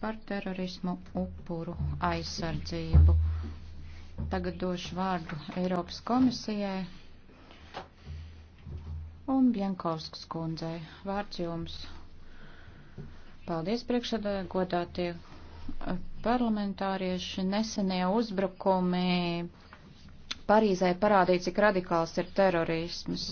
par terorismu upuru aizsardzību. Tagad došu vārdu Eiropas komisijai un Bienkovskas kundzei. Vārds jums. Paldies priekšsēdē, godātie eh, parlamentārieši. Nesenie uzbrukumi Parīzē parādīja, cik radikāls ir terorisms.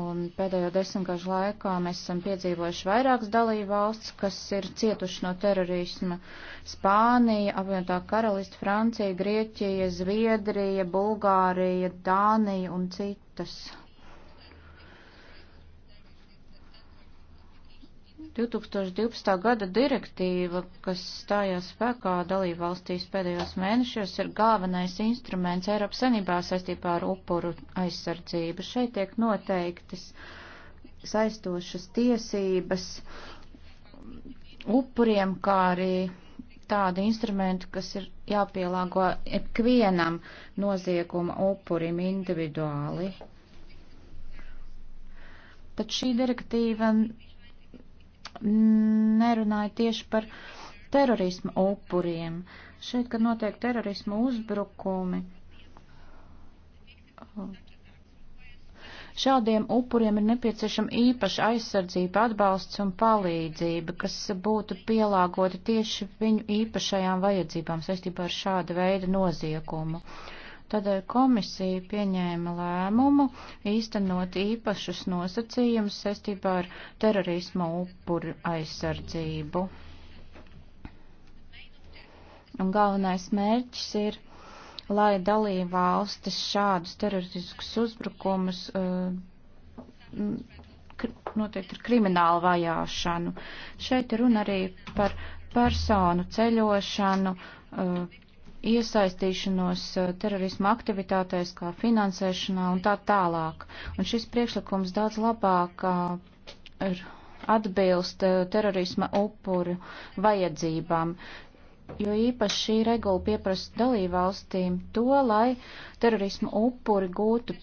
Un pēdējo desmitgažu laikā mēs esam piedzīvojuši vairākas dalību valsts, kas ir cietuši no terorisma - Spānija, apvienotā karalista, Francija, Grieķija, Zviedrija, Bulgārija, Dānija un citas. 2012. gada direktīva, kas stājās spēkā dalību valstīs pēdējos mēnešos, ir galvenais instruments Eiropas Sanībā saistībā ar upuru aizsardzību. Šeit tiek noteiktas saistošas tiesības upuriem, kā arī tādi instrumenti, kas ir jāpielāgo ikvienam nozieguma upurim individuāli. Tad šī direktīva nerunāju tieši par terorismu upuriem. Šeit, kad notiek terorismu uzbrukumi, Šādiem upuriem ir nepieciešama īpaša aizsardzība, atbalsts un palīdzība, kas būtu pielāgota tieši viņu īpašajām vajadzībām saistībā ar šādu veidu noziegumu. Uh, Tādēļ eh, komisija pieņēma lēmumu īstenot īpašus nosacījumus saistībā ar terorisma upuru aizsardzību. Un galvenais mērķis ir, lai dalība valstis šādus teroristiskus uzbrukumus uh, noteikti ar kriminālu vajāšanu. Šeit runa arī par personu ceļošanu, uh, iesaistīšanos eh, terorisma aktivitātēs, kā finansēšanā un tā tālāk. Un šis priekšlikums daudz labāk eh, atbilst eh, terorisma upuru vajadzībām, jo īpaši šī regula pieprasa dalībvalstīm to, lai terorisma upuri gūtu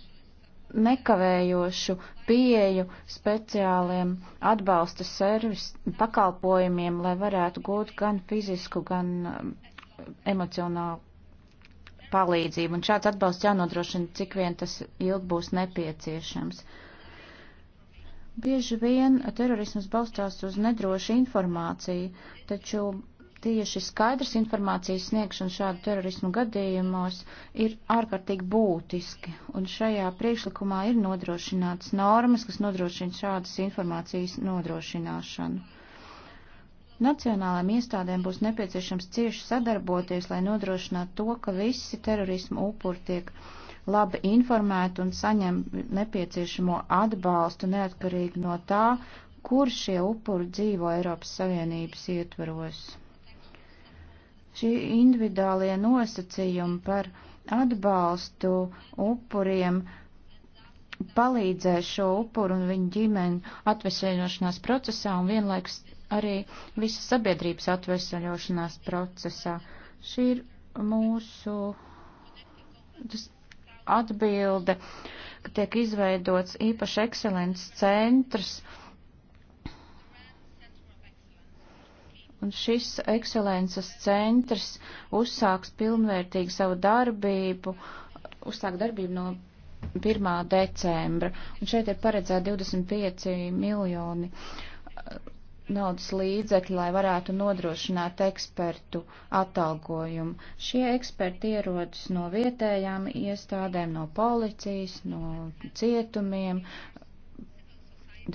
nekavējošu pieeju speciāliem atbalsta servis pakalpojumiem, lai varētu gūt gan fizisku, gan emocionālu palīdzību, un šāds atbalsts jānodrošina, cik vien tas ilgi būs nepieciešams. Bieži vien terorisms balstās uz nedrošu informāciju, taču tieši skaidrs informācijas sniegšana šādu terorismu gadījumos ir ārkārtīgi būtiski, un šajā priekšlikumā ir nodrošināts normas, kas nodrošina šādas informācijas nodrošināšanu. Nacionālajām iestādēm būs nepieciešams cieši sadarboties, lai nodrošinātu to, ka visi terorismu upuri tiek labi informēti un saņem nepieciešamo atbalstu neatkarīgi no tā, kur šie upuri dzīvo Eiropas Savienības ietvaros. Šī individuālie nosacījumi par atbalstu upuriem palīdzēs šo upuru un viņu ģimeni atvesēļošanās procesā un vienlaiks arī visas sabiedrības atvesaļošanās procesā. Šī ir mūsu atbilde, ka tiek izveidots īpaši ekscelences centrs. Un šis ekscelences centrs uzsāks pilnvērtīgi savu darbību, uzsāk darbību no 1. decembra. Un šeit ir paredzēta 25 miljoni naudas līdzekļi, lai varētu nodrošināt ekspertu atalgojumu. Šie eksperti ierodas no vietējām iestādēm, no policijas, no cietumiem,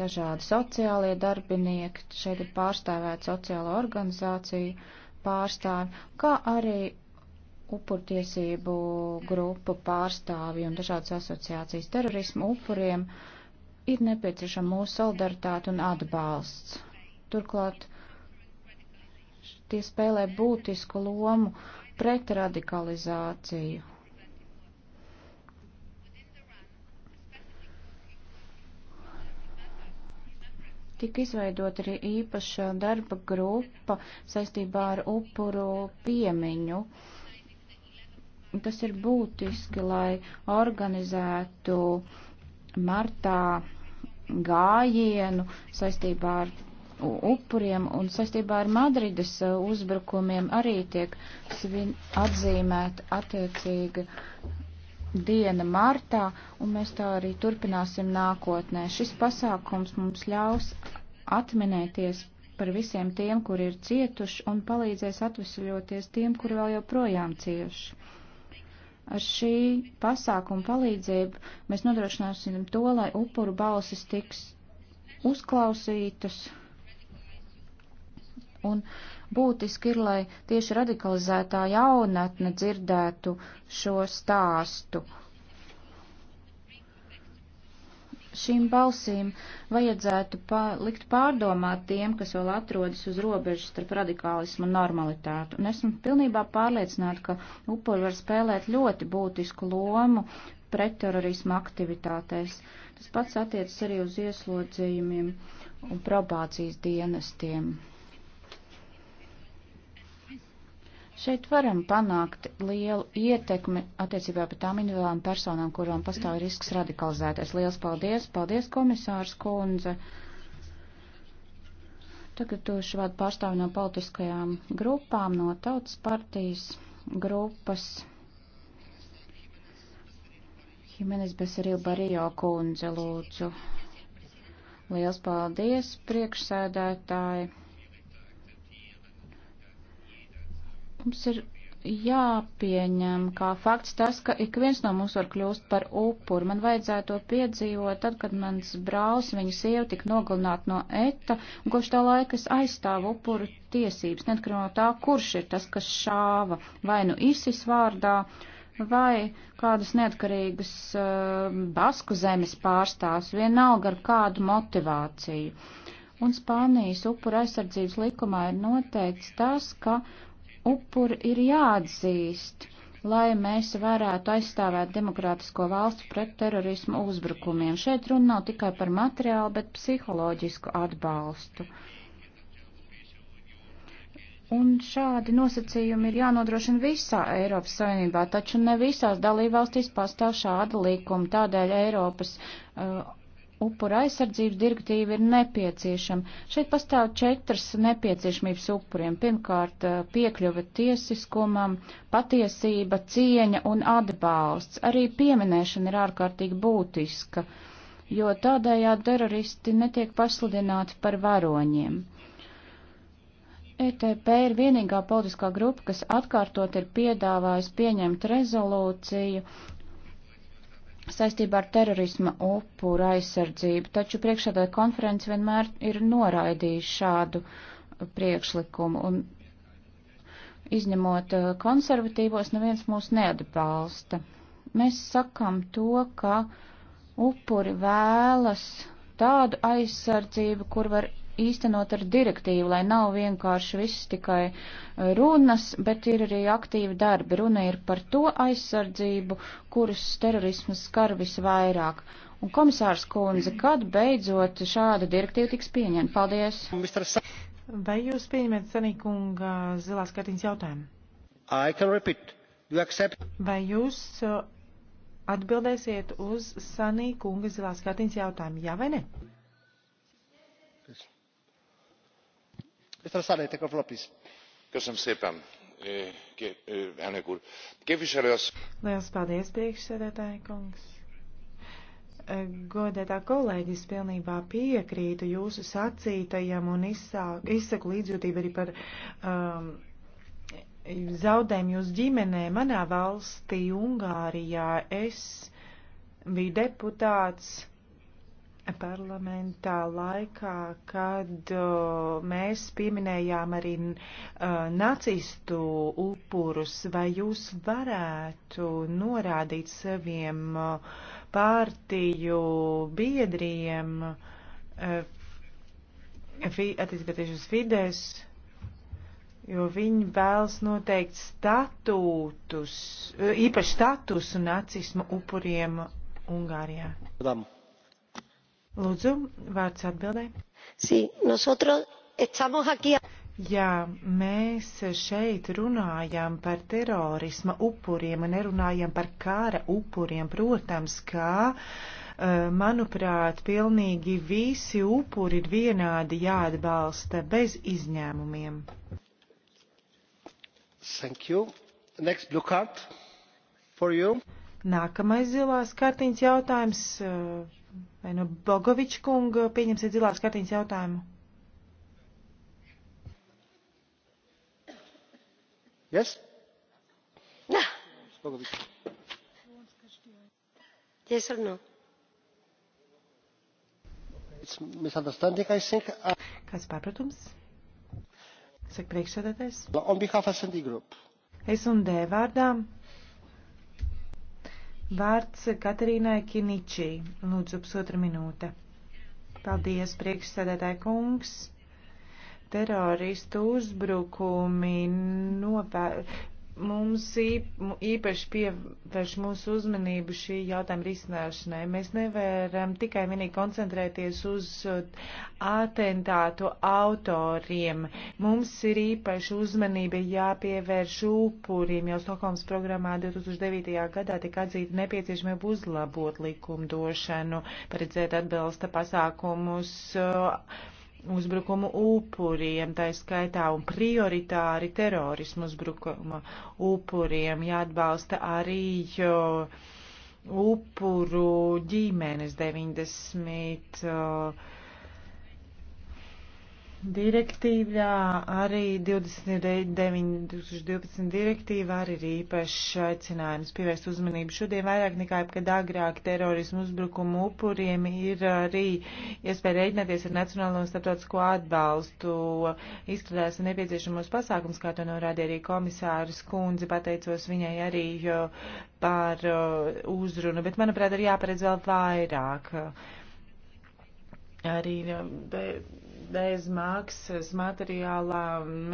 dažādi sociālie darbinieki, šeit ir pārstāvēta sociāla organizācija pārstāvi, kā arī upurtiesību grupu pārstāvi un dažādas asociācijas terorismu upuriem ir nepieciešama mūsu solidaritāte un atbalsts. Turklāt tie spēlē būtisku lomu pret radikalizāciju. Tika izveidot arī īpaša darba grupa saistībā ar upuru piemiņu. Tas ir būtiski, lai organizētu martā gājienu saistībā ar upuriem un saistībā ar Madrides uh, uzbrukumiem arī tiek svin, atzīmēta attiecīga diena martā, un mēs tā arī turpināsim nākotnē. Šis pasākums mums ļaus atminēties par visiem tiem, kuri ir cietuši, un palīdzēs atvesaļoties tiem, kuri vēl joprojām cieši. Ar šī pasākuma palīdzību mēs nodrošināsim to, lai upuru balsis tiks uzklausītas Un būtiski ir, lai tieši radikalizētā jaunatne dzirdētu šo stāstu. Šīm balsīm vajadzētu pa, likt pārdomāt tiem, kas vēl atrodas uz robežas starp radikālismu un normalitātu. Un esmu pilnībā pārliecināta, ka upuri var spēlēt ļoti būtisku lomu pretterorisma aktivitātēs. Tas pats attiecas arī uz ieslodzījumiem un probācijas dienestiem. Šeit varam panākt lielu ietekmi attiecībā pret tām individuālām personām, kurām pastāv risks radikalizēties. Liels paldies! Paldies, komisārs Kunze! Tagad došu vārdu pārstāvi no politiskajām grupām, no tautas partijas grupas. Jimenez Besaril Barijo kundze, lūdzu. Liels paldies, priekšsēdētāji! Mums ir jāpieņem kā fakts tas, ka ik viens no mums var kļūst par upuru. Man vajadzēja to piedzīvot tad, kad mans brālis, viņa sieva tika nogalināta no eta, un kopš tā laika es aizstāvu upuru tiesības, neatkarīgi no tā, kurš ir tas, kas šāva, vai nu ISIS vārdā, vai kādas neatkarīgas uh, basku zemes pārstāvs, vienalga ar kādu motivāciju. Un Spānijas upura aizsardzības likumā ir noteikts tas, ka upuri ir jāatzīst, lai mēs varētu aizstāvēt demokrātisko valstu pret terorismu uzbrukumiem. Šeit runa nav tikai par materiālu, bet psiholoģisku atbalstu. Un šādi nosacījumi ir jānodrošina visā Eiropas Savienībā, taču ne visās dalībvalstīs pastāv šāda līkuma. Tādēļ Eiropas uh, upura aizsardzības direktīva ir nepieciešama. Šeit pastāv četras nepieciešamības upuriem. Pirmkārt, eh, piekļuva tiesiskumam, patiesība, cieņa un atbalsts. Arī pieminēšana ir ārkārtīgi būtiska, jo tādējādi teroristi netiek pasludināti par varoņiem. ETP ir vienīgā politiskā grupa, kas atkārtot ir piedāvājis pieņemt rezolūciju, saistībā ar terorisma upuru aizsardzību, taču priekšsēdētāja konference vienmēr ir noraidījusi šādu priekšlikumu, un izņemot uh, konservatīvos, neviens mūs neatbalsta. Mēs sakam to, ka upuri vēlas tādu aizsardzību, kur var īstenot ar direktīvu, lai nav vienkārši viss tikai e, runas, bet ir arī aktīvi darbi. Runa ir par to aizsardzību, kuras terorismas skar visvairāk. Un komisārs Kunze, kad beidzot šāda direktīva tiks pieņemta? Paldies! Vai jūs pieņemat Sanīkunga zilās kartiņas jautājumu? Vai jūs e, atbildēsiet uz Sanīkunga zilās kartiņas jautājumu, jā vai ne? Liels paldies, priekšsēdētāji kungs! Godētā kolēģis pilnībā piekrītu jūsu sacītajam un izsāku, izsaku līdzjūtību arī par um, zaudējumu jūsu ģimenē. Manā valstī, Ungārijā, es biju deputāts parlamentā laikā, kad o, mēs pieminējām arī o, nacistu upurus, vai jūs varētu norādīt saviem o, pārtiju biedriem, e, attiecībā uz Fides, jo viņi vēlas noteikt statūtus, e, īpaši statusu nacismu upuriem Ungārijā. Madam. Lūdzu, vārds atbildē. Sí, nosotros estamos aquí. Jā, mēs šeit runājam par terorisma upuriem un nerunājam par kara upuriem. Protams, kā, eh, manuprāt, pilnīgi visi upuri ir vienādi jāatbalsta bez izņēmumiem. Thank you. Next blue card for you. Nākamais zilās kartiņas jautājums eh, Vai nu Bogoviča kunga eh, pieņemsiet zilās kartiņas jautājumu? Yes? No. Bogovič. Yes or no? It's misunderstanding, I think. Uh, Kāds pārpratums? Saka priekšsēdētājs. On behalf of Sandy Group. Es un D vārdām Vārds Katarīnai Kiničī. Lūdzu, pusotra minūte. Paldies, priekšsēdētāji kungs teroristu uzbrukumi novē, mums īpaši pievērš mūsu uzmanību šī jautājuma risināšanai. Mēs nevaram tikai vienīgi koncentrēties uz atentātu autoriem. Mums ir īpaši uzmanība jāpievērš upuriem. Jau Stokholmas programmā 2009. gadā tika atzīta nepieciešamība uzlabot likumdošanu, paredzēt atbalsta pasākumus. Uh, uzbrukumu upuriem, tā skaitā un prioritāri terorismu uzbrukuma upuriem, jāatbalsta arī upuru ģimenes 90. Uh, Direktīvā arī 2009.2012 direktīvā arī ir īpašs aicinājums pievērst uzmanību. Šodien vairāk nekā jebkad agrāk terorismu uzbrukumu upuriem ir arī iespēja rēķināties ar nacionālo un starptautisko atbalstu. Izstrādās nepieciešamos pasākums, kā to norādīja arī komisārs Kundze, pateicos viņai arī par uh, uzrunu, bet manuprāt ir jāparedz vēl vairāk. Arī, uh, be, bez maksas materiālā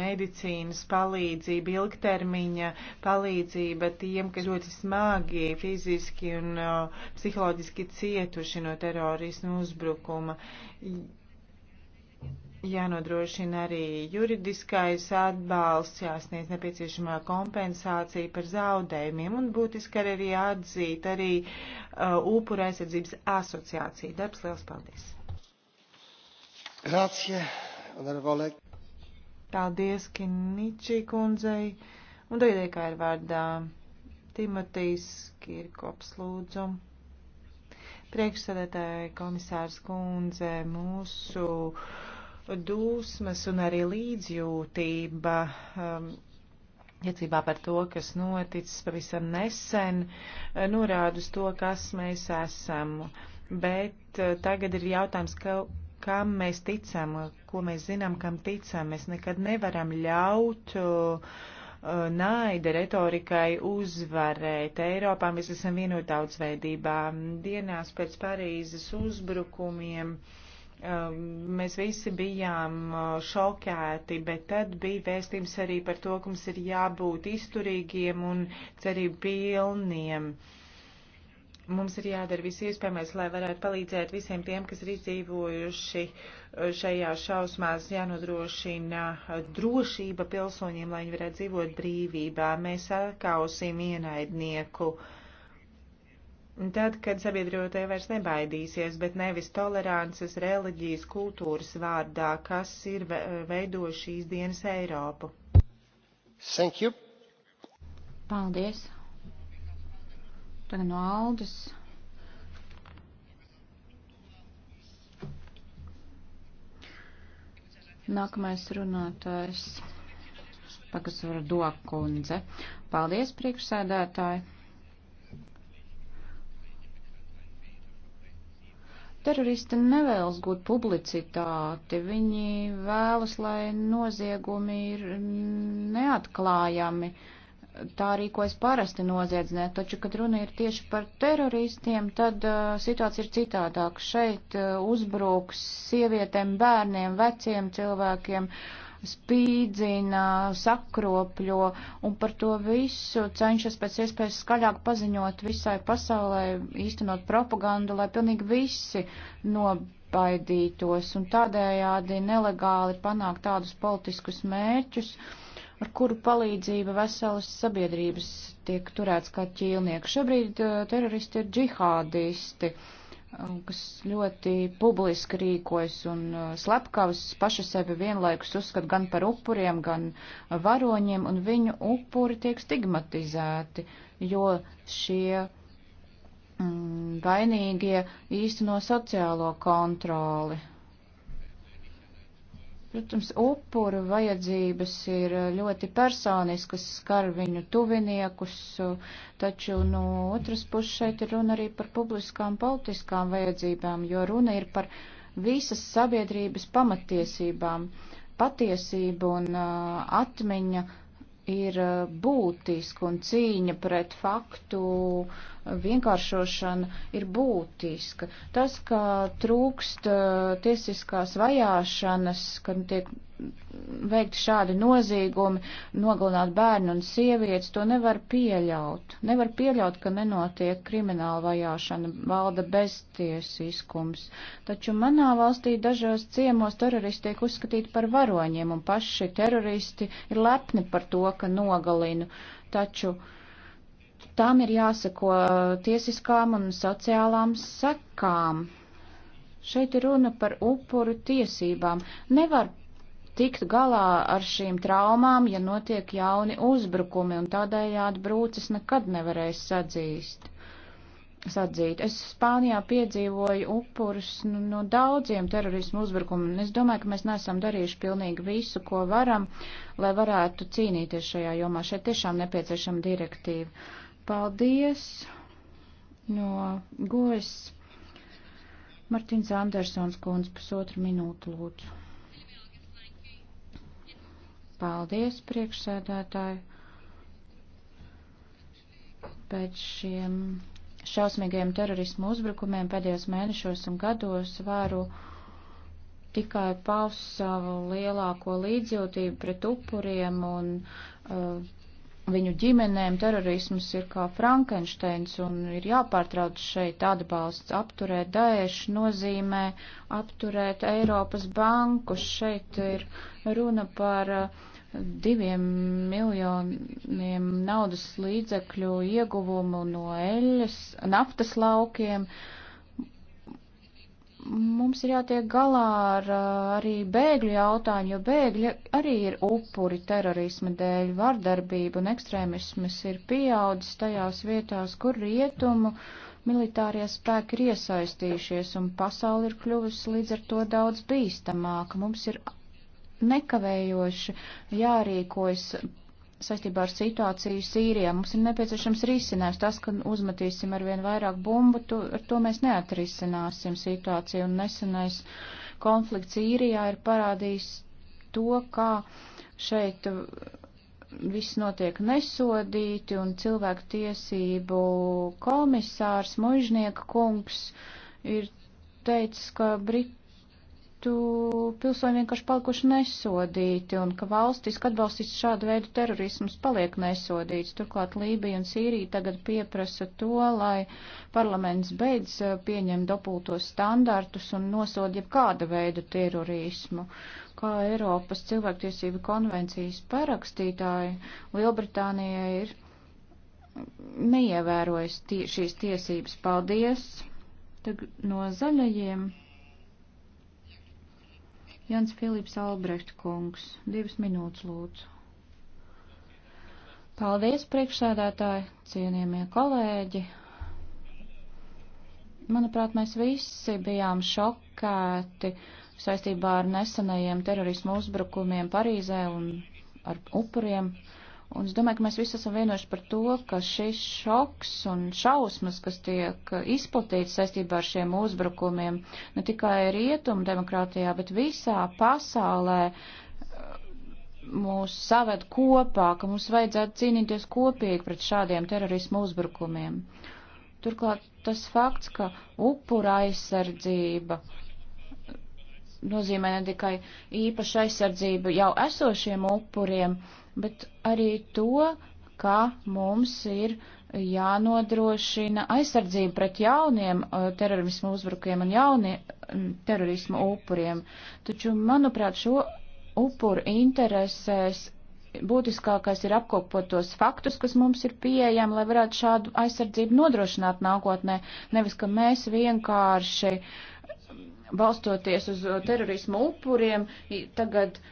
medicīnas palīdzība, ilgtermiņa palīdzība tiem, kas ļoti smagi fiziski un uh, psiholoģiski cietuši no terorismu uzbrukuma. Jānodrošina arī juridiskais atbalsts, jāsniedz nepieciešamā kompensācija par zaudējumiem un būtiski arī atzīt arī uh, upura aizsardzības asociācija. Darbs liels paldies! Grācie, honorevole. Paldies, Kiničī kundzei. Un tagad kā ir vārdā Timotīs Kirkops lūdzu. Priekšsēdētāja komisārs kundze mūsu dūsmas un arī līdzjūtība. Um, Iecībā par to, kas noticis pavisam nesen, uh, norāda uz to, kas mēs esam. Bet uh, tagad ir jautājums, ka kam mēs ticam, ko mēs zinām, kam ticam. Mēs nekad nevaram ļaut uh, naida retorikai uzvarēt. Eiropā mēs esam vienot daudzveidībā. Dienās pēc Parīzes uzbrukumiem um, mēs visi bijām uh, šokēti, bet tad bija vēstījums arī par to, ka mums ir jābūt izturīgiem un cerību pilniem. Uh, Mums ir jādara viss iespējamais, lai varētu palīdzēt visiem tiem, kas ir izdzīvojuši uh, šajā šausmās, jānodrošina uh, drošība pilsoņiem, lai viņi varētu dzīvot brīvībā. Mēs atkausim ienaidnieku. Tad, kad sabiedrotie vairs nebaidīsies, bet nevis tolerances, reliģijas, kultūras vārdā, kas ir uh, veidojuši šīs dienas Eiropu. Thank you. Paldies tagad no Aldas. Nākamais runātājs Pagasvara Dokundze. Paldies, priekšsēdētāji! Teroristi nevēlas gūt publicitāti, viņi vēlas, lai noziegumi ir neatklājami. Uh, tā rīkojas parasti noziedznieki, taču, kad runa ir tieši par teroristiem, tad uh, situācija ir citādāka. Šeit uh, uzbruks sievietēm, bērniem, veciem cilvēkiem, spīdzina, sakropļo, un par to visu cenšas pēc iespējas skaļāk paziņot visai pasaulē, īstenot propagandu, lai pilnīgi visi nobaidītos, un tādējādi nelegāli panākt tādus politiskus mērķus. Uh, ar kuru palīdzību veselas sabiedrības tiek turēts kā ķīlnieki. Šobrīd uh, teroristi ir džihādisti, uh, kas ļoti publiski rīkojas un uh, slepkavas paši sevi vienlaikus uzskat gan par upuriem, gan varoņiem, un viņu upuri tiek stigmatizēti, jo šie mm, vainīgie īsteno sociālo kontroli. Protams, upuru vajadzības ir ļoti personiskas, skar viņu tuviniekus, taču no nu, otras puses šeit ir runa arī par publiskām politiskām vajadzībām, jo runa ir par visas sabiedrības pamatiesībām. Patiesība un atmiņa ir būtiska un cīņa pret faktu uh, vienkāršošana ir būtiska. Tas, ka trūkst uh, tiesiskās vajāšanas, kad tiek veikti šādi noziegumi, nogalināt bērnu un sievietes, to nevar pieļaut. Nevar pieļaut, ka nenotiek krimināla vajāšana, valda beztiesiskums. Taču manā valstī dažos ciemos teroristi tiek uzskatīti par varoņiem, un paši teroristi ir lepni par to, ka nogalinu. Taču uh, tām ir jāseko tiesiskām un sociālām sekām. Šeit ir runa par upuru tiesībām. Nevar tikt galā ar šīm traumām, ja notiek jauni uzbrukumi, un tādējādi brūces nekad nevarēs sadzīst. Sadzīt. Es Spānijā piedzīvoju upurus nu, no daudziem terorismu uzbrukumiem, un es domāju, ka mēs neesam darījuši pilnīgi visu, ko varam, lai varētu cīnīties šajā jomā. Šeit tiešām nepieciešama direktīva. Uh, Paldies no gojas Martins Andersons kundze pusotru minūtu lūdzu. Paldies, priekšsēdētāji. Pēc šiem šausmīgajiem terorismu uzbrukumiem pēdējos mēnešos un gados varu tikai paust savu lielāko līdzjūtību pret upuriem un uh, viņu ģimenēm terorisms ir kā Frankensteins un ir jāpārtrauc šeit atbalsts. Apturēt Daešu nozīmē apturēt Eiropas banku. Šeit ir runa par uh, diviem miljoniem naudas līdzekļu ieguvumu no eļas, naftas laukiem. Uh, mums ir jātiek galā ar arī bēgļu jautājumu, jo bēgļi arī ir upuri terorisma dēļ, vardarbība un ekstrēmismas ir pieaudzis tajās vietās, kur rietumu militārie spēki ir iesaistījušies un pasauli ir kļuvusi līdz ar to daudz bīstamāka. Mums ir nekavējoši jārīkojas saistībā ar situāciju Sīrijā. Mums ir nepieciešams risinājums. Tas, ka uzmetīsim ar vien vairāk bumbu, tu, ar to mēs neatrisināsim situāciju. Un nesenais konflikts Sīrijā ir parādījis to, kā šeit viss notiek nesodīti un cilvēku tiesību komisārs Mužnieka kungs ir teicis, ka Brit būtu pilsoņi vienkārši palikuši nesodīti un ka valstis, kad atbalstīs šādu veidu terorismus, paliek nesodīts. Turklāt Lībija un Sīrija tagad pieprasa to, lai parlaments beidz eh, pieņem dopultos standartus un nosod jebkāda veida terorismu. Kā Eiropas cilvēktiesība konvencijas parakstītāji, Lielbritānija ir neievērojas tie, šīs tiesības. Paldies! Tag, no zaļajiem. Jans Filips Albrecht kungs, divas minūtes lūdzu. Paldies, priekšsēdētāji, cienījamie kolēģi. Manuprāt, mēs visi bijām šokēti saistībā ar nesenajiem terorismu uzbrukumiem Parīzē un ar upuriem. Uh, Un es domāju, ka mēs visi esam vienojuši par to, ka šis šoks un šausmas, kas tiek izplatīts saistībā ar šiem uzbrukumiem, ne tikai rietumu demokrātijā, bet visā pasaulē mūs saved kopā, ka mums vajadzētu cīnīties kopīgi pret šādiem terorismu uzbrukumiem. Turklāt tas fakts, ka upura aizsardzība nozīmē ne tikai īpaša aizsardzība jau esošiem upuriem, bet arī to, ka mums ir jānodrošina aizsardzība pret jauniem uh, terorismu uzbrukiem un jauniem mm, terorismu upuriem. Taču, manuprāt, šo upuru interesēs būtiskākais ir apkopot tos faktus, kas mums ir pieejami, lai varētu šādu aizsardzību nodrošināt nākotnē, nevis ka mēs vienkārši mm, balstoties uz uh, terorismu upuriem, tagad uh,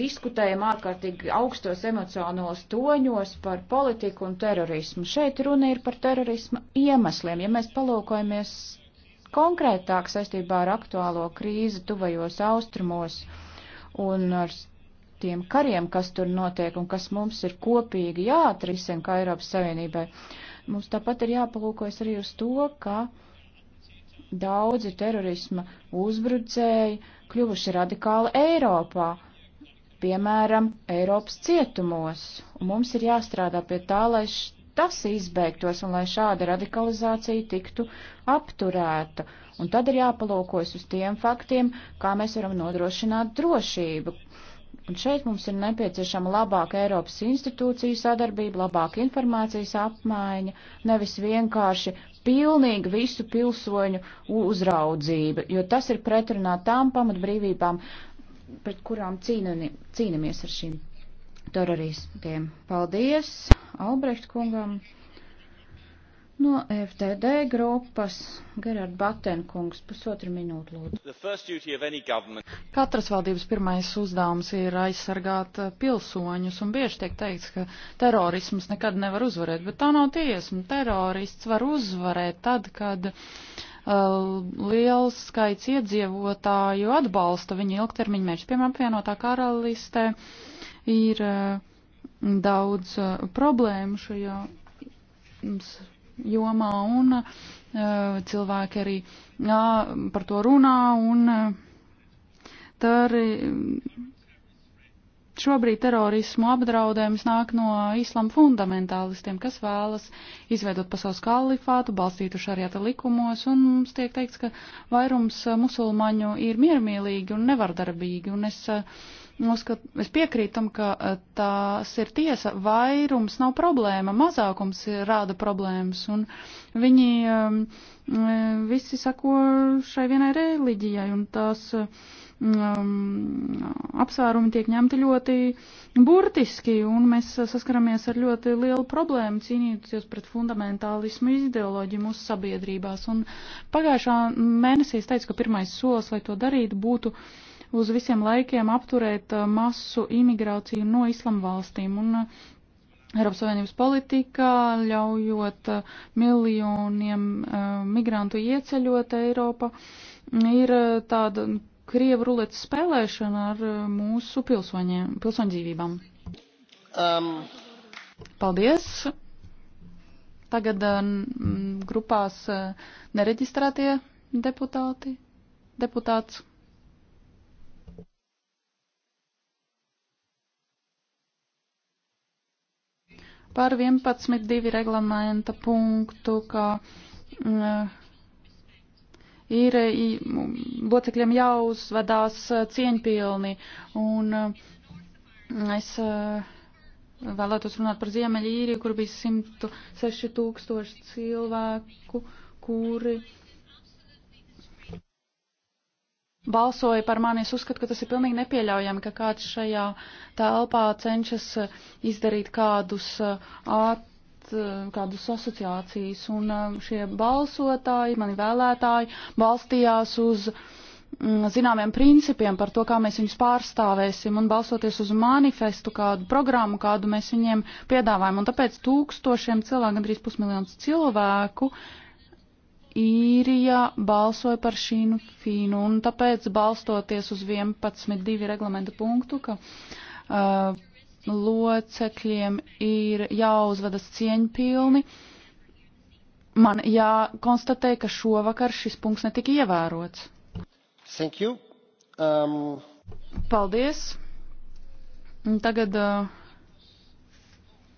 diskutējam ārkārtīgi augstos emocionālos toņos par politiku un terorismu. Šeit runa ir par terorisma iemesliem. Ja mēs palūkojamies konkrētāk saistībā ar aktuālo krīzi tuvajos austrumos un ar tiem kariem, kas tur notiek un kas mums ir kopīgi jāatrisina kā Eiropas Savienībai, mums tāpat ir jāpalūkojas arī uz to, ka daudzi terorisma uzbrucēji kļuvuši radikāli Eiropā piemēram, Eiropas cietumos. Un mums ir jāstrādā pie tā, lai tas izbeigtos un lai šāda radikalizācija tiktu apturēta. Un tad ir jāpalūkojas uz tiem faktiem, kā mēs varam nodrošināt drošību. Un šeit mums ir nepieciešama labāka Eiropas institūciju sadarbība, labāka informācijas apmaiņa, nevis vienkārši pilnīgi visu pilsoņu uzraudzība, jo tas ir pretrunā tām pamatbrīvībām, pret kurām cīnani, cīnamies ar šīm teroristiem. Paldies Albrecht kungam no FTD grupas Gerard Batenkungs pusotru minūtu lūdzu. Katras valdības pirmais uzdevums ir aizsargāt uh, pilsoņus, un bieži tiek teikts, ka terorisms nekad nevar uzvarēt, bet tā nav tiesma. Terorists var uzvarēt tad, kad uh, Uh, liels skaits iedzīvotāju atbalsta viņa ilgtermiņa mērķus. Piemēram, apvienotā karalistē ir uh, daudz uh, problēmu šajā mm, jomā un cilvēki arī jā, par to runā un tā arī mm, Šobrīd terorismu apdraudējums nāk no islama fundamentālistiem, kas vēlas izveidot pasaules kalifātu, balstītu šariata likumos, un mums tiek teikts, ka vairums eh, musulmaņu ir miermīlīgi un nevardarbīgi, un es eh, uzskat, es piekrītu tam, ka eh, tās ir tiesa. Vairums nav problēma, mazākums rāda problēmas, un viņi um, visi sako šai vienai reliģijai, un tās um, apsvērumi tiek ņemti ļoti burtiski, un mēs saskaramies ar ļoti lielu problēmu cīnīties pret fundamentālismu ideoloģiju mūsu sabiedrībās. Un pagājušā mēnesī es teicu, ka pirmais solis, lai to darītu, būtu uh, uz visiem laikiem apturēt uh, masu imigrāciju no islam valstīm. Un uh, Eiropas Savienības politikā, ļaujot uh, miljoniem migrantu ieceļot Eiropa, ir tāda krievu ruletes spēlēšana ar mūsu pilsoņiem, pilsoņu dzīvībām. Um. Paldies! Tagad grupās nereģistrētie deputāti, deputāts. par 11.2 reglamenta punktu, ka mm, ir mm, locekļiem jāuzvedās uh, cieņpilni. Un mm, es uh, vēlētos runāt par Ziemeļīriju, kur bija 106 tūkstoši cilvēku, kuri balsoja par mani. Es uzskatu, ka tas ir pilnīgi nepieļaujami, ka kāds šajā telpā cenšas izdarīt kādus ātrus uh, uh, kādus asociācijas, un uh, šie balsotāji, mani vēlētāji, balstījās uz mm, zināmiem principiem par to, kā mēs viņus pārstāvēsim, un balsoties uz manifestu, kādu programmu, kādu mēs viņiem piedāvājam. Un tāpēc tūkstošiem cilvēku, gandrīz pusmiljons cilvēku, uh, īrija balsoja par šīnu fīnu, un tāpēc balstoties uz 11.2 reglamenta punktu, ka uh, locekļiem ir jāuzvedas cieņpilni, man jākonstatē, ka šovakar šis punkts netika ievērots. Thank you. Um... Paldies. Un tagad uh,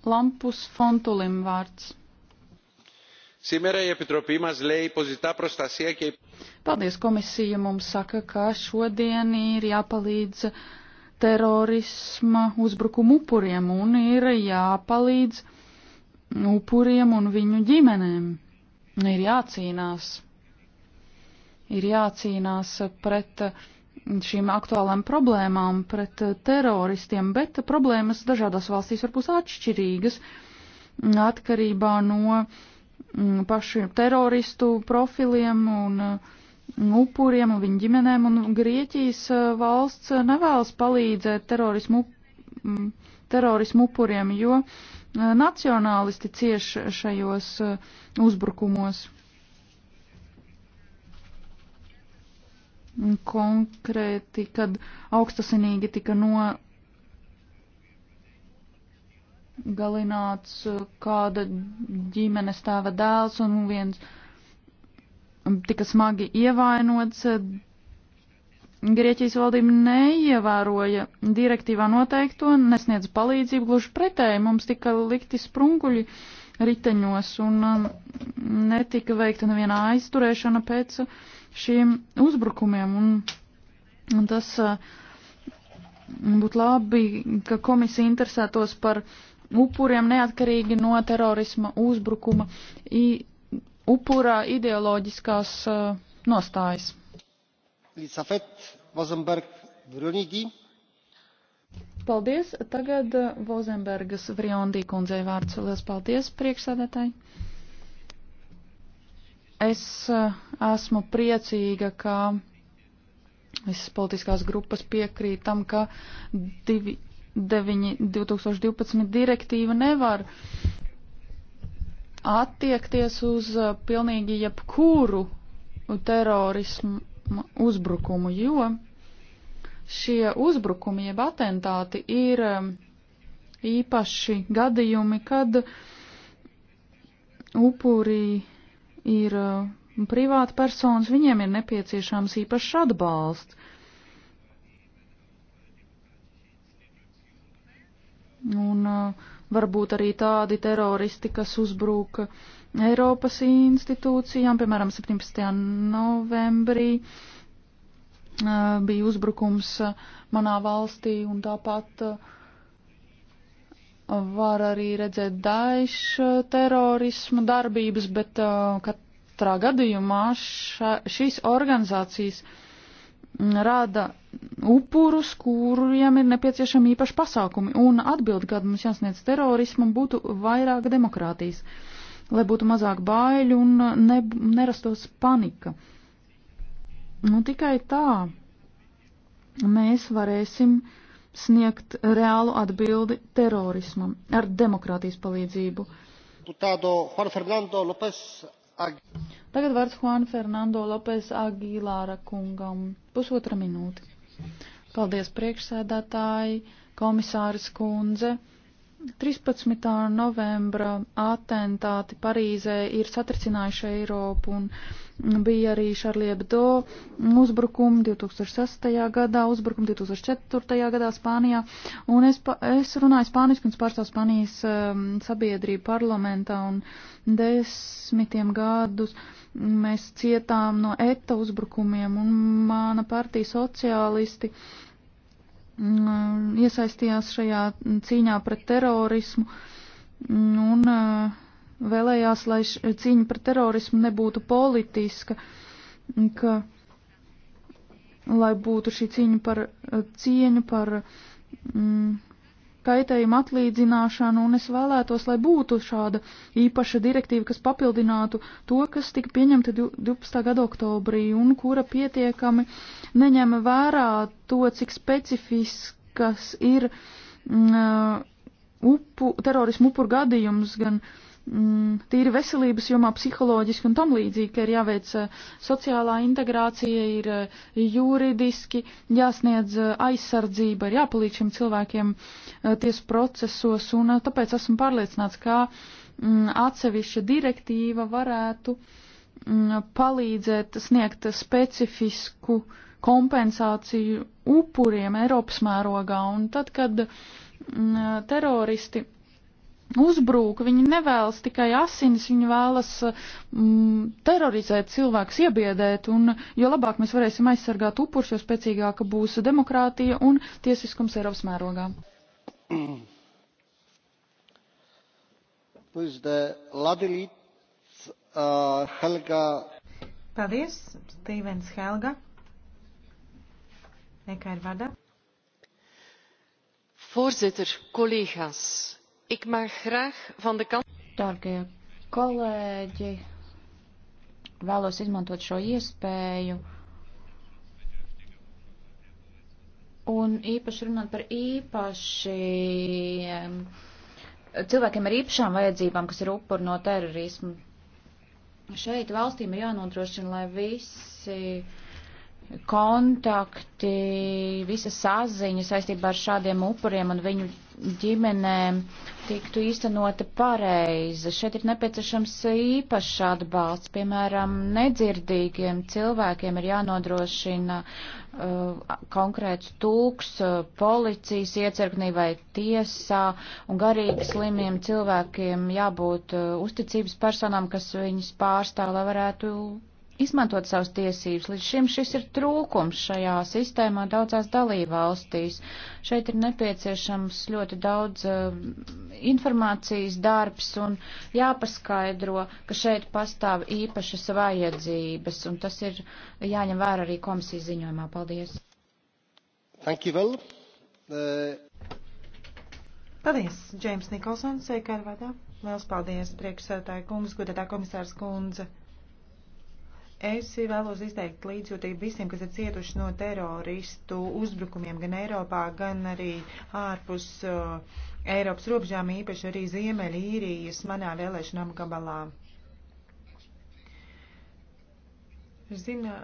Lampus Fontulim vārds. Σήμερα η Επιτροπή μας λέει πως ζητά προστασία και... Paldies, komisija mums saka, ka šodien ir jāpalīdz terorisma uzbrukumu upuriem un ir jāpalīdz upuriem un viņu ģimenēm. Ir jācīnās. Ir jācīnās pret šīm aktuālām problēmām, pret teroristiem, bet problēmas dažādās valstīs var būt atšķirīgas atkarībā no uh, Mm, pašiem teroristu profiliem un mm, upuriem un viņu ģimenēm, un Grieķijas eh, valsts nevēlas palīdzēt terorismu, mm, terorismu upuriem, jo eh, nacionālisti cieš šajos eh, uzbrukumos. Konkrēti, kad augstasinīgi tika no galināts kāda ģimenes tēva dēls un viens tika smagi ievainots. Grieķijas valdība neievēroja direktīvā noteikto, nesniedz palīdzību, gluži pretēji mums tika likti sprunguļi riteņos un um, netika veikta neviena aizturēšana pēc šiem uzbrukumiem. Un, un tas uh, būtu labi, ka komisija interesētos par upuriem neatkarīgi no terorisma uzbrukuma i, upurā ideoloģiskās uh, nostājas. Paldies. Tagad eh, Vozembergas Vriondī kundzei vārds. Lielas paldies, priekšsēdētāji. Es uh, esmu priecīga, ka visas politiskās grupas piekrīt tam, ka divi 2012 direktīva nevar attiekties uz uh, pilnīgi jebkuru terorismu uzbrukumu, jo šie uzbrukumi jeb atentāti ir um, īpaši gadījumi, kad upurī ir uh, privāti personas, viņiem ir nepieciešams īpašs atbalsts. Un uh, varbūt arī tādi teroristi, kas uzbrūk Eiropas institūcijām, piemēram, 17. novembrī uh, bija uzbrukums manā valstī un tāpat uh, var arī redzēt daišu terorismu darbības, bet katrā gadījumā ša, šīs organizācijas uh, rada upurus, kuriem ir nepieciešami īpaši pasākumi, un atbildi, kāda mums jāsniedz terorismam, būtu vairāk demokrātijas, lai būtu mazāk baiļu un ne, nerastos panika. Nu, tikai tā mēs varēsim sniegt reālu atbildi terorismam ar demokrātijas palīdzību. Deputādo Juan Fernando López Tagad vārds Juan Fernando Lopes Agīlāra kungam. Pusotra minūte. Paldies priekšsēdētāji, komisāris kundze. 13. novembra atentāti Parīzē ir satricinājuši Eiropu un bija arī Šarlie Bdo uzbrukumi 2006. gadā, uzbrukumi 2004. gadā Spānijā. Un es, es runāju spāniski un pārstāvu Spānijas um, sabiedrību parlamentā un desmitiem gadus mēs cietām no ETA uzbrukumiem un mana partija sociālisti. Uh, Mm, iesaistījās šajā cīņā pret terorismu un eh, vēlējās, lai cīņa pret terorismu nebūtu politiska, ka, lai būtu šī cīņa par eh, cieņu, par mm, kaitējumu atlīdzināšanu, un es vēlētos, lai būtu šāda īpaša direktīva, kas papildinātu to, kas tika pieņemta 12. gada oktobrī, un kura pietiekami uh, neņem vērā to, cik specifiskas ir mm, uh, upu, terorismu upuru gadījums gan mm, tīri veselības jomā, psiholoģiski un tam līdzīgi, ka ir jāveic uh, sociālā integrācija, ir uh, juridiski jāsniedz aizsardzība, ir jāpalīdz šiem cilvēkiem tiesu procesos, un tāpēc esmu pārliecināts, ka mm, atsevišķa direktīva varētu mm, palīdzēt sniegt specifisku uh, kompensāciju upuriem Eiropas mērogā, un tad, kad mm, teroristi uzbrūk, viņi nevēlas tikai asinis, viņi vēlas mm, terorizēt cilvēkus, iebiedēt, un jo labāk mēs varēsim aizsargāt upurus, jo spēcīgāka būs demokrātija un tiesiskums Eiropas mērogā. Uh, Paldies, Stīvens Helga voorzitter collega's ik maak graag van de kans. darbie kolēģi vēlos izmantot šo iespēju un īpaši runāt par īpašiem cilvēkiem ar īpašām vajadzībām, kas ir upuri no terorismu. Šeit valstīm ir jānodrošina, lai visi uh, kontakti, visa saziņa saistībā ar šādiem upuriem un viņu ģimenēm tiktu īstenota pareizi. Šeit ir nepieciešams īpašs atbalsts, piemēram, nedzirdīgiem cilvēkiem ir jānodrošina uh, konkrēts tūks uh, policijas iecirknī vai tiesā, un garīgi slimiem cilvēkiem jābūt uh, uzticības personām, kas viņus pārstāv, lai varētu izmantot savas tiesības. Līdz šim šis ir trūkums šajā sistēmā daudzās dalībvalstīs. Šeit ir nepieciešams ļoti daudz uh, informācijas darbs un jāpaskaidro, ka šeit pastāv īpašas vajadzības, un tas ir jāņem vērā arī komisijas ziņojumā. Paldies! Thank you, well. uh... Paldies, Džeims Nikolsons, Seikārvādā. Liels paldies, priekšsētāja kungs, godētā komisārs kundze. Es vēlos izteikt līdzjūtību visiem, kas ir cietuši no teroristu uzbrukumiem gan Eiropā, gan arī ārpus uh, Eiropas robežām, īpaši arī Ziemeļīrijas manā vēlēšana apgabalā. Zina,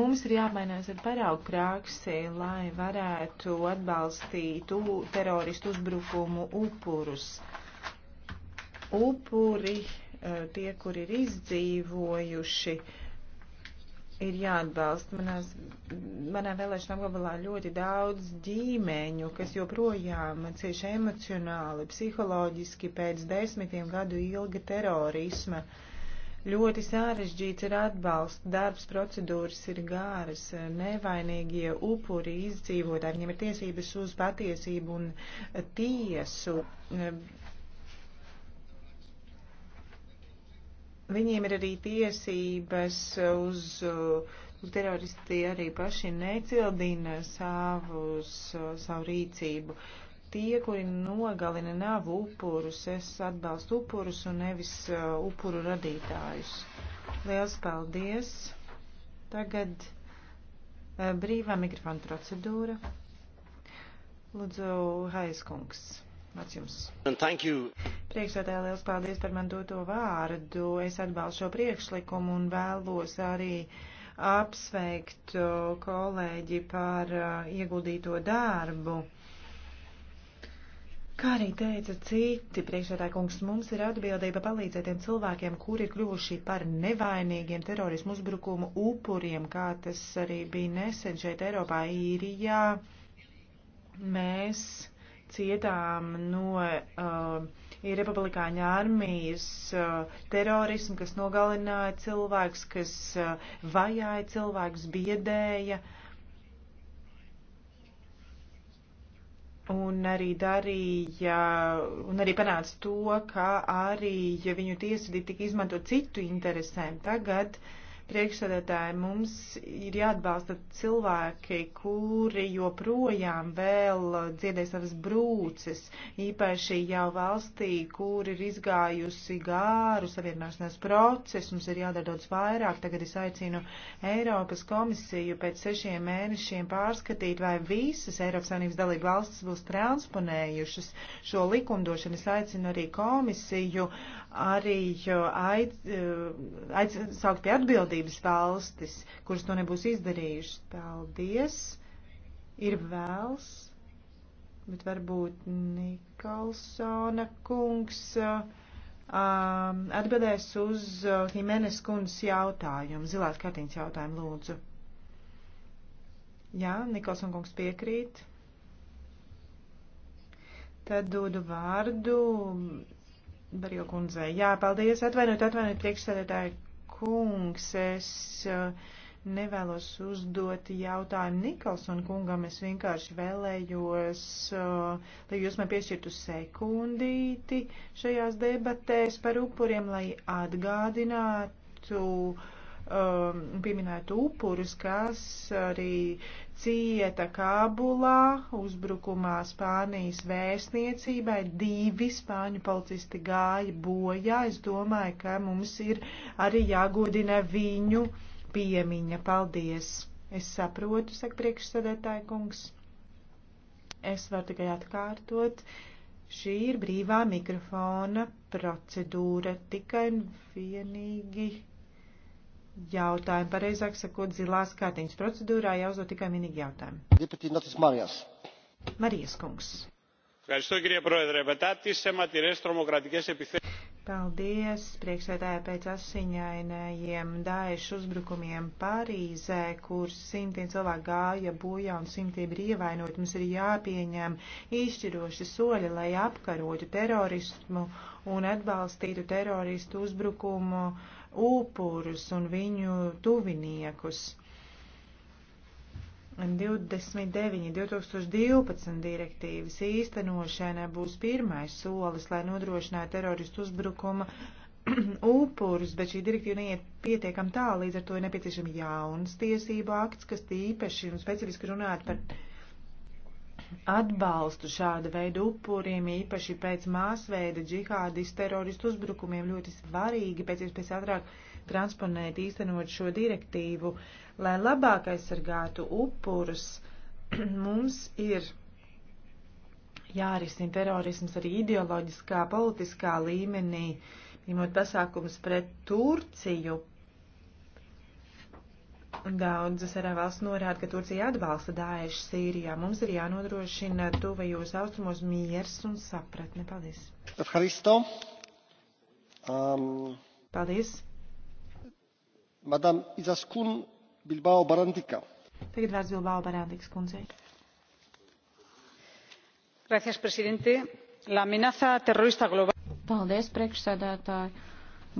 mums ir jāmainās ar paraugu praksi, lai varētu atbalstīt teroristu uzbrukumu upurus. Upuri Eh, tie, kur ir izdzīvojuši, ir jāatbalsta. Manās, manā vēlēšana apgabalā ļoti daudz ģimeņu, kas joprojām cieši emocionāli, psiholoģiski pēc desmitiem gadu ilga terorisma. Ļoti sarežģīts ir atbalsta darbs, procedūras ir gāras, nevainīgie upuri izdzīvotāji, viņiem ir tiesības uz patiesību un tiesu Viņiem ir arī tiesības uz, uz uh, teroristi arī paši necildina savus, uh, savu rīcību. Tie, kuri nogalina, nav upurus. Es atbalstu upurus un nevis uh, upuru radītājus. Liels paldies! Tagad brīvā mikrofona procedūra. Lūdzu, Haiskungs. Vārds jums. Priekšsēdētāji, liels paldies par man doto vārdu. Es atbalstu šo priekšlikumu un vēlos arī apsveikt uh, kolēģi par uh, ieguldīto darbu. Kā arī teica citi priekšsēdētāji kungs, mums ir atbildība palīdzēt tiem cilvēkiem, kuri ir kļuvuši par nevainīgiem terorismu uzbrukumu upuriem, kā tas arī bija nesen šeit Eiropā, Īrijā. Mēs cietām no uh, republikāņu armijas uh, terorismu, kas nogalināja cilvēkus, kas uh, vajāja cilvēkus, biedēja. Un arī darīja, un arī panāca to, ka arī ja viņu tiesvedība tika izmantot citu interesēm. Tagad uh, priekšsēdētāji, mums ir jāatbalsta cilvēki, kuri joprojām vēl dziedē savas brūces, īpaši jau valstī, kur ir izgājusi gāru savienāšanās procesu, mums ir jādara daudz vairāk. Tagad es aicinu Eiropas komisiju pēc sešiem mēnešiem pārskatīt, vai visas Eiropas Savienības dalība valstis būs transponējušas šo likumdošanu. Es aicinu arī komisiju arī aizsaukt eh, pie atbildības valstis, kuras to nebūs izdarījušas. Paldies! Ir vēls, bet varbūt Nikolsona kungs eh, um, atbildēs uz Himenes eh, kundzes jautājumu, zilās kartiņas jautājumu lūdzu. Jā, Nikolson kungs piekrīt. Tad dodu vārdu Barijo kundze, jā, paldies, atvainojiet, atvainojiet, priekšsēdētāji kungs, es uh, nevēlos uzdot jautājumu Nikolson kungam, es vienkārši vēlējos, uh, lai jūs man piešķirtu sekundīti šajās debatēs par upuriem, lai atgādinātu, Um, pieminētu upurus, kas arī cieta Kābulā uzbrukumā Spānijas vēstniecībai. Divi spāņu policisti gāja bojā. Es domāju, ka mums ir arī jāgodina viņu piemiņa. Paldies! Es saprotu, saka priekšsēdētāja kungs. Es varu tikai atkārtot. Šī ir brīvā mikrofona procedūra tikai un vienīgi jautājumu. Pareizāk sakot, zilās kārtiņas procedūrā jāuzdod tikai vienīgi jautājumu. Marijas kungs. Paldies, priekšsēdētāja, pēc asiņainajiem dāiešu uzbrukumiem Parīzē, kur simtiem cilvēku gāja bojā un simtiem ir ievainoti. Mums ir jāpieņem izšķiroši soļi, lai apkarotu terorismu un atbalstītu teroristu uzbrukumu uh, upurus un viņu tuviniekus. 29. 2012 direktīvas īstenošana būs pirmais solis, lai nodrošinātu teroristu uzbrukuma upurus, bet šī direktīva neiet pietiekam tālu, līdz ar to ir nepieciešama jauns tiesību akts, kas tīpaši un specifiski runāt par atbalstu šāda veida upuriem, īpaši pēc māsveida džihādis teroristu uzbrukumiem, ļoti svarīgi pēc iespējas ātrāk transponēt, īstenot šo direktīvu, lai labāk aizsargātu upurus. mums ir jārisina terorisms arī ideoloģiskā, politiskā līmenī, ņemot pasākums pret Turciju, Daudzas arā valsts norāda, ka Turcija atbalsta Dāešu Sīrijā. Mums ir jānodrošina tuvajos austrumos miers un sapratne. Paldies. Evharisto. Um, Paldies. Madam Izaskun Bilbao Barandika. Tagad vārds Bilbao Barandikas kundzei. Gracias, presidente. La amenaza terrorista global. Paldies, priekšsēdētāji.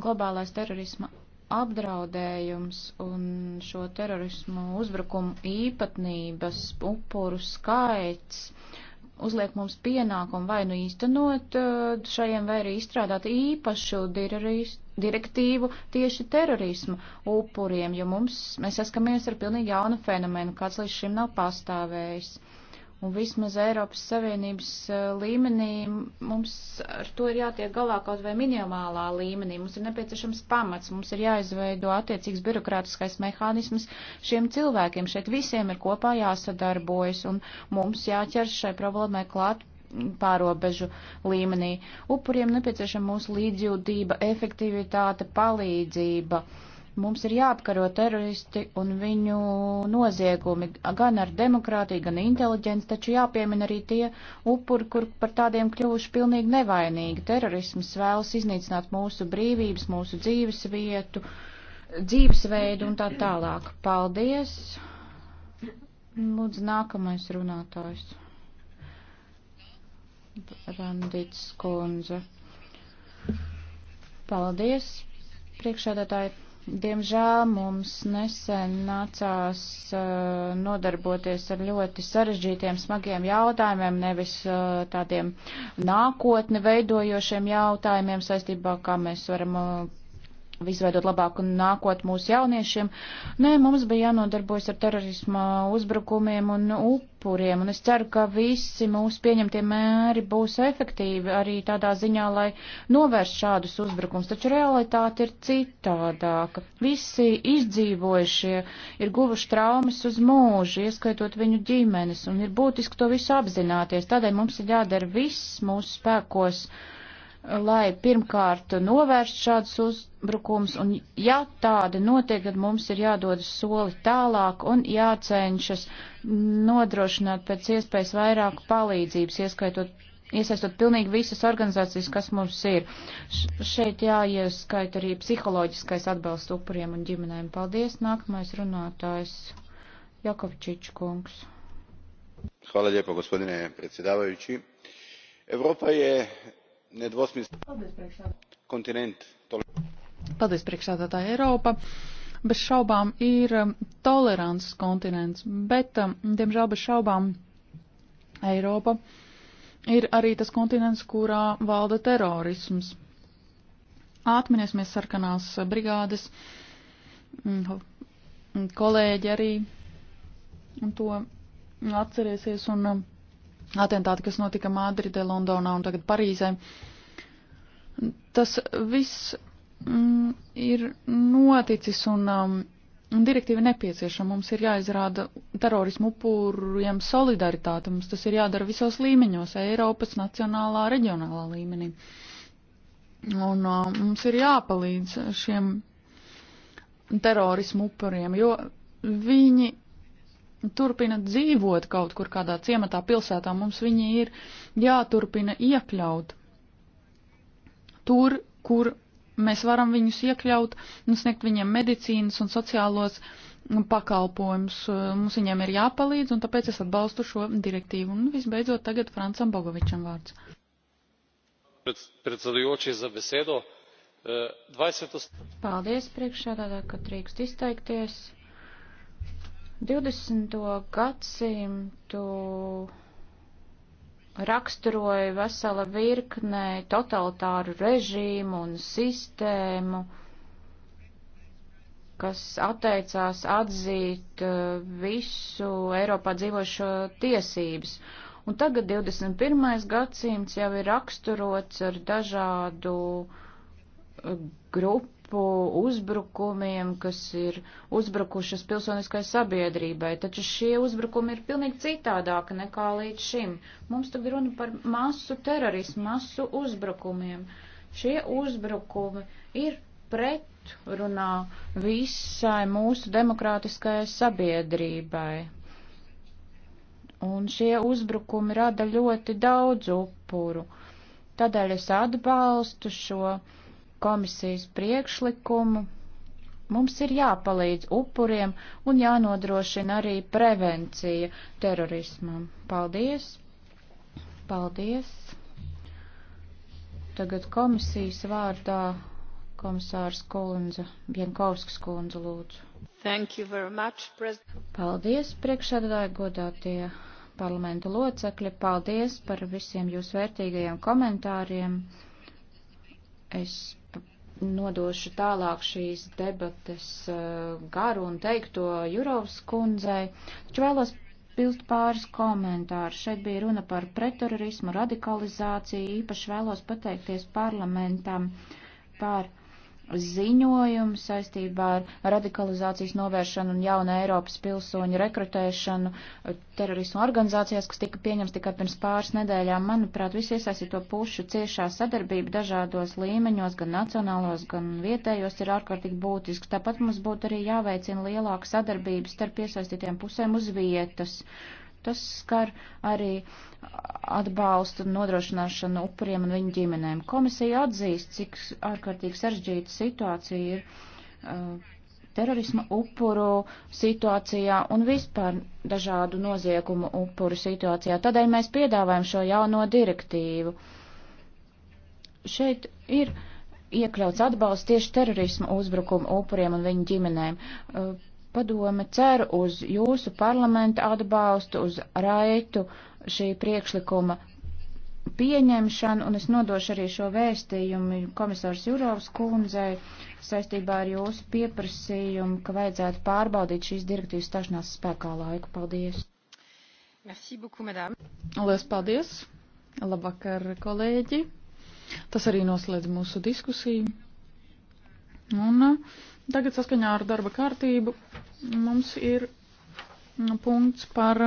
Globālais terorisma apdraudējums un šo terorismu uzbrukumu īpatnības, upuru skaits uzliek mums pienākumu vai nu īstenot eh, šajiem vai arī izstrādāt īpašu direktīvu tieši terorismu upuriem, jo mums, mēs saskamies ar pilnīgi jaunu fenomenu, kāds līdz šim nav pastāvējis. Un vismaz Eiropas Savienības eh, līmenī mums ar to ir jātiek galā kaut vai minimālā līmenī. Mums ir nepieciešams pamats, mums ir jāizveido attiecīgs birokrātiskais mehānisms šiem cilvēkiem. Šeit visiem ir kopā jāsadarbojas un mums jāķers šai problēmai klāt pārobežu līmenī. Upuriem nepieciešama mūsu līdzjūtība, efektivitāte, palīdzība. Uh, Mums ir jāapkaro teroristi un viņu noziegumi gan ar demokrātiju, gan inteliģenci, taču jāpiemina arī tie upuri, kur par tādiem kļuvuši pilnīgi nevainīgi. Terorisms vēlas iznīcināt mūsu brīvības, mūsu dzīves vietu, dzīvesveidu un tā tālāk. Paldies! Lūdzu, nākamais runātājs. Randits Konze. Paldies, priekšādātāji. Diemžēl mums nesen nācās uh, nodarboties ar ļoti sarežģītiem, smagiem jautājumiem, nevis uh, tādiem nākotni veidojošiem jautājumiem saistībā, kā mēs varam uh, izveidot labāku nākotni mūsu jauniešiem. Nē, mums bija jānodarbojas ar terorisma uzbrukumiem un upuriem, un es ceru, ka visi mūsu pieņemtie mēri būs efektīvi arī tādā ziņā, lai novērst šādus uzbrukums. Taču realitāte ir citādāka. Visi izdzīvojušie ir guvuši traumas uz mūžu, ieskaitot viņu ģimenes, un ir būtiski to visu apzināties. Tādēļ mums ir jādara viss mūsu spēkos lai pirmkārt novērst šādus uzbrukums, un ja tādi notiek, tad mums ir jādodas soli tālāk un jācenšas nodrošināt pēc iespējas vairāk palīdzības, ieskaitot, iesaistot pilnīgi visas organizācijas, kas mums ir. Šeit jāieskaita arī psiholoģiskais atbalsts upuriem un ģimenēm. Paldies, nākamais runātājs Jakovčič kungs. Hvala lijepo, gospodine predsjedavajući. Europa je nedvosmislīgi kontinent. Paldies, priekšsēdētāji Eiropa. Bez šaubām ir um, tolerants kontinents, bet, um, diemžēl, bez šaubām Eiropa ir arī tas kontinents, kurā valda terorisms. Atminiesimies sarkanās brigādes, mm, kolēģi arī to atcerēsies un um, atentāti, kas notika Madridē, Londonā un tagad Parīzē. Tas viss mm, ir noticis un um, direktīva nepieciešama. Mums ir jāizrāda terorismu upuriem solidaritāte. Mums tas ir jādara visos līmeņos - Eiropas, nacionālā, reģionālā līmenī. Un uh, mums ir jāpalīdz šiem terorismu upuriem, jo viņi turpina dzīvot kaut kur kādā ciematā, pilsētā, mums viņi ir jāturpina iekļaut tur, kur mēs varam viņus iekļaut un sniegt viņiem medicīnas un sociālos pakalpojumus. Mums viņiem ir jāpalīdz, un tāpēc es atbalstu šo direktīvu. Un visbeidzot tagad Francam Bogovičam vārds. Predsedujoči za besedo. 20. Eh, Paldies priekšsēdētā, ka drīkst izteikties. 20. gadsimtu raksturoja vesela virknē totalitāru režīmu un sistēmu, kas atteicās atzīt uh, visu Eiropā dzīvošo tiesības. Un tagad 21. gadsimts jau ir raksturots ar dažādu uh, grupu grupu uzbrukumiem, kas ir uzbrukušas pilsoniskai sabiedrībai, taču šie uzbrukumi ir pilnīgi citādāki nekā līdz šim. Mums tagad runa par masu terorismu, masu uzbrukumiem. Šie uzbrukumi ir pretrunā visai mūsu demokrātiskajai sabiedrībai. Un šie uzbrukumi rada ļoti daudz upuru. Tādēļ es atbalstu šo komisijas priekšlikumu. Mums ir jāpalīdz upuriem un jānodrošina arī prevencija terorismam. Paldies! Paldies! Tagad komisijas vārdā komisārs Kulundze, Bienkovskas kundze lūdzu. Thank you very much, President. Paldies, priekšsēdētāji, godātie parlamenta locekļi. Paldies par visiem jūs vērtīgajiem komentāriem. Es nodošu tālāk šīs debates eh, garu un teikto Jurovs kundzei, taču vēlos pilst pāris komentārus. Šeit bija runa par pretterorismu, radikalizāciju, īpaši vēlos pateikties parlamentam par ziņojumu saistībā ar radikalizācijas novēršanu un jaunu Eiropas pilsoņu rekrutēšanu eh, terorismu organizācijās, kas tika pieņems tikai pirms pāris nedēļām. Manuprāt, visi iesaistīto pušu ciešā sadarbība dažādos līmeņos, gan nacionālos, gan vietējos, ir ārkārtīgi būtisks. Tāpat mums būtu arī jāveicina lielāka sadarbība starp iesaistītiem pusēm uz vietas Tas skar arī atbalstu nodrošināšanu upuriem un viņu ģimenēm. Komisija atzīst, cik ārkārtīgi sarežģīta situācija ir uh, terorisma upuru situācijā un vispār dažādu noziegumu upuru situācijā. Tādēļ mēs piedāvājam šo jauno direktīvu. Šeit ir iekļauts atbalsts tieši terorisma uzbrukuma upuriem un viņu ģimenēm. Uh, Padome cer uz jūsu parlamenta atbalstu, uz raitu šī priekšlikuma pieņemšanu, un es nodošu arī šo vēstījumu komisārs Jurovs kundzei saistībā ar jūsu pieprasījumu, ka vajadzētu pārbaudīt šīs direktīvas stašanās spēkā laiku. Paldies! Merci beaucoup, madame! Lielas paldies! Labvakar, kolēģi! Tas arī noslēdz mūsu diskusiju. Un Tagad saskaņā ar darba kārtību mums ir mm, punkts par